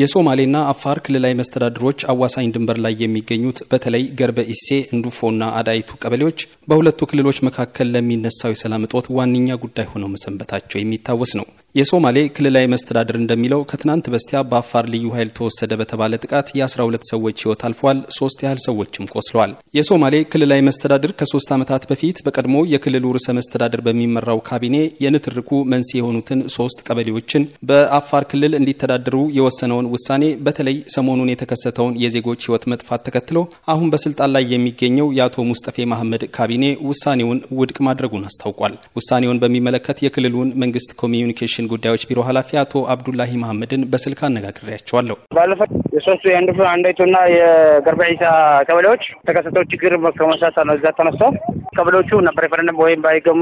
የሶማሌና አፋር ክልላዊ መስተዳድሮች አዋሳኝ ድንበር ላይ የሚገኙት በተለይ ገርበ ኢሴ፣ እንዱፎና አዳይቱ ቀበሌዎች በሁለቱ ክልሎች መካከል ለሚነሳው የሰላም እጦት ዋነኛ ጉዳይ ሆነው መሰንበታቸው የሚታወስ ነው። የሶማሌ ክልላዊ መስተዳድር እንደሚለው ከትናንት በስቲያ በአፋር ልዩ ኃይል ተወሰደ በተባለ ጥቃት የ12 ሰዎች ህይወት አልፏል። ሶስት ያህል ሰዎችም ቆስሏል። የሶማሌ ክልላዊ መስተዳድር ከሶስት ዓመታት በፊት በቀድሞ የክልሉ ርዕሰ መስተዳድር በሚመራው ካቢኔ የንትርኩ መንስኤ የሆኑትን ሶስት ቀበሌዎችን በአፋር ክልል እንዲተዳደሩ የወሰነውን ውሳኔ በተለይ ሰሞኑን የተከሰተውን የዜጎች ህይወት መጥፋት ተከትሎ አሁን በስልጣን ላይ የሚገኘው የአቶ ሙስጠፌ ማህመድ ካቢኔ ውሳኔውን ውድቅ ማድረጉን አስታውቋል። ውሳኔውን በሚመለከት የክልሉን መንግስት ኮሚዩኒኬሽን ኮሚኒኬሽን ጉዳዮች ቢሮ ኃላፊ አቶ አብዱላሂ መሐመድን በስልክ አነጋግሬያቸዋለሁ። ባለፈው የሶስቱ የእንዱፍላ አንዳይቱና የገርበ ዒሳ ቀበሌዎች ተከሰተው ችግር ከመሳሳ ነው። እዛ ተነስቶ ቀበሌዎቹ ነበር ሬፈረንደም ወይም ባይገሙ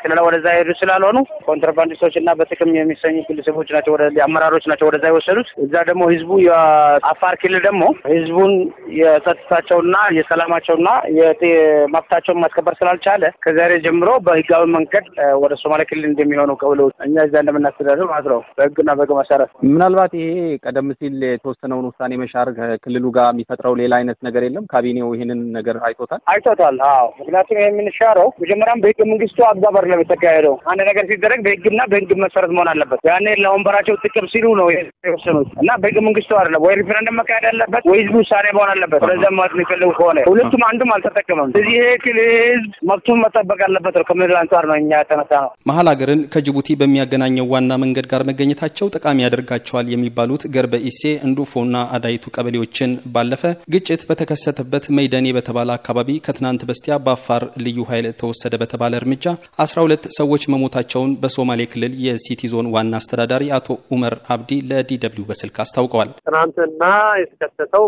ስለላ ወደዛ ሄዱ ስላልሆኑ ኮንትራባንዲስቶች እና በጥቅም የሚሰኙ ግለሰቦች ናቸው፣ ወደ አመራሮች ናቸው ወደዛ የወሰዱት። እዛ ደግሞ ህዝቡ የአፋር ክልል ደግሞ ህዝቡን የጸጥታቸውና የሰላማቸውና የመብታቸውን ማስከበር ስላልቻለ ከዛሬ ጀምሮ በህጋዊ መንገድ ወደ ሶማሌ ክልል እንደሚሆኑ ቀበሌዎች እኛ እዛ እንደምናስተዳደር ማለት ነው በህግና በህግ መሰረት። ምናልባት ይሄ ቀደም ሲል የተወሰነውን ውሳኔ መሻር ከክልሉ ጋር የሚፈጥረው ሌላ አይነት ነገር የለም። ካቢኔው ይህንን ነገር አይቶታል አይቶታል። አዎ ምክንያቱም ይህ የምንሻረው መጀመሪያም በህገ መንግስቱ አግባበር ነው የተካሄደው። አንድ ነገር ሲደረግ በህግና በህግ መሰረት መሆን አለበት። ያኔ ለወንበራቸው ጥቅም ሲሉ ነው የወሰኑት እና በህገ መንግስቱ አይደለም ወይ ሪፍረንደም መካሄድ አለበት ወይ ህዝብ ውሳኔ መሆን አለበት። ስለዚያ ማለት የሚፈልጉ ከሆነ ሁለቱም አንዱም አልተጠቀመም። ስለዚህ ይሄ ህዝብ መብቱን መጠበቅ አለበት ነው ከምንል አንጻር ነው እኛ የተነሳ ነው። መሀል ሀገርን ከጅቡቲ በሚያገናኘው ከሚገኘው ዋና መንገድ ጋር መገኘታቸው ጠቃሚ ያደርጋቸዋል የሚባሉት ገርበ ኢሴ፣ እንዱፎና አዳይቱ ቀበሌዎችን ባለፈ ግጭት በተከሰተበት መይደኔ በተባለ አካባቢ ከትናንት በስቲያ በአፋር ልዩ ኃይል ተወሰደ በተባለ እርምጃ 12 ሰዎች መሞታቸውን በሶማሌ ክልል የሲቲ ዞን ዋና አስተዳዳሪ አቶ ኡመር አብዲ ለዲ ደብልዩ በስልክ አስታውቀዋል። ትናንትና የተከሰተው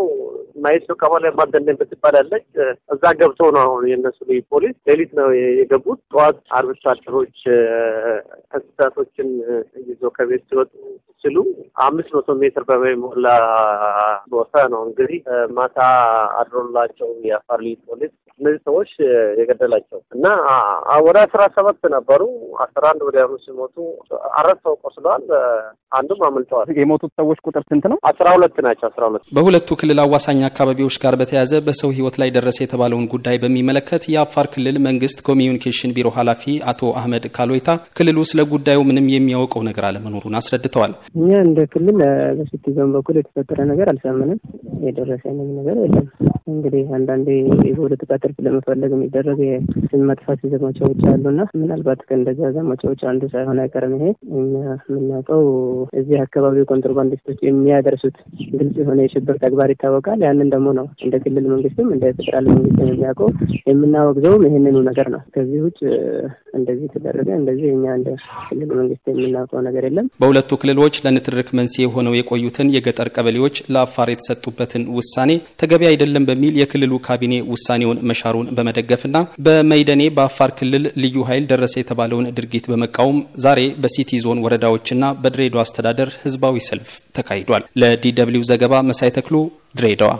ማየት ነው ቀበሌ ማደነን ትባላለች። እዛ ገብተው ነው አሁን የነሱ ልዩ ፖሊስ ሌሊት ነው የገቡት። ጠዋት አርብቶ አደሮች እንስሳቶችን ይዞ ከቤት ሲወጡ ሲሉ አምስት መቶ ሜትር በሚሞላ ቦታ ነው እንግዲህ ማታ አድሮላቸው የአፋር ልዩ ፖሊስ እነዚህ ሰዎች የገደላቸው እና ወደ አስራ ሰባት ነበሩ። አስራ አንድ ወዲያኑ ሲሞቱ አራት ሰው ቆስሏል፣ አንዱም አምልጠዋል። የሞቱት ሰዎች ቁጥር ስንት ነው? አስራ ሁለት ናቸው። አስራ ሁለት በሁለቱ ክልል አዋሳኝ አካባቢዎች ጋር በተያያዘ በሰው ህይወት ላይ ደረሰ የተባለውን ጉዳይ በሚመለከት የአፋር ክልል መንግስት ኮሚዩኒኬሽን ቢሮ ኃላፊ አቶ አህመድ ካሎይታ ክልሉ ስለ ጉዳዩ ምንም የሚያውቀው ነገር አለመኖሩን አስረድተዋል። እኛ እንደ ክልል በሲቲዞን በኩል የተፈጠረ ነገር አልሰምንም። የደረሰንም ነገር የለም። እንግዲህ አንዳንዴ የፖለቲካ ትርፍ ለመፈለግ የሚደረግ የስም ማጥፋት ዘመቻዎች አሉና ምናልባት ከእንደዚያ ዘመቻዎች አንዱ ሳይሆን አይቀርም። ይሄ የምናውቀው እዚህ አካባቢ ኮንትሮባንዲስቶች የሚያደርሱት ግልጽ የሆነ የሽብር ተግባር ይታወቃል። ያንን ደግሞ ነው እንደ ክልል መንግስትም እንደ ፌዴራል መንግስትም የሚያውቀው የምናወግዘውም ይህንኑ ነገር ነው። ከዚህ ውጭ እንደዚህ ተደረገ እንደዚህ እኛ እንደ ክልል መንግስት የምናውቀው ነገር የለም። በሁለቱ ክልሎች ለንትርክ መንስኤ ሆነው የቆዩትን የገጠር ቀበሌዎች ለአፋር የተሰጡበት የተላለፈበትን ውሳኔ ተገቢ አይደለም በሚል የክልሉ ካቢኔ ውሳኔውን መሻሩን በመደገፍና በመይደኔ በአፋር ክልል ልዩ ኃይል ደረሰ የተባለውን ድርጊት በመቃወም ዛሬ በሲቲ ዞን ወረዳዎችና በድሬዳዋ አስተዳደር ህዝባዊ ሰልፍ ተካሂዷል። ለዲ ደብልዩ ዘገባ መሳይ ተክሉ ድሬዳዋ